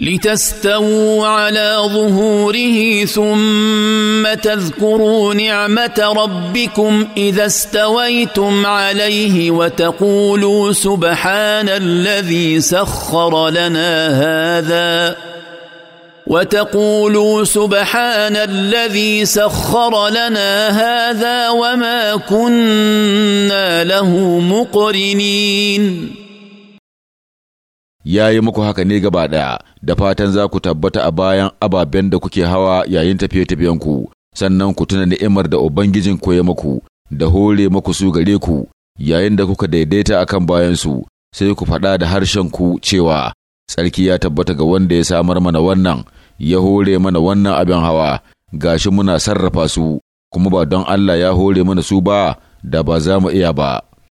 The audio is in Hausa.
لتستووا على ظهوره ثم تذكروا نعمه ربكم اذا استويتم عليه وتقولوا سبحان الذي سخر لنا هذا وتقولوا سبحان الذي سخر لنا هذا وما كنا له مقرنين ya yi muku haka ne gaba ɗaya da fatan za ku tabbata a bayan ababen da kuke hawa yayin tafiye-tafiyenku sannan ku tuna ni'imar da ubangijin koya ya muku da hore muku su gare ku yayin da kuka daidaita akan bayansu sai ku faɗa da harshen ku cewa tsarki ya tabbata ga wanda ya samar mana wannan ya hore mana wannan abin hawa gashi muna sarrafa su kuma ba don Allah ya hore mana su ba da ba za mu iya ba.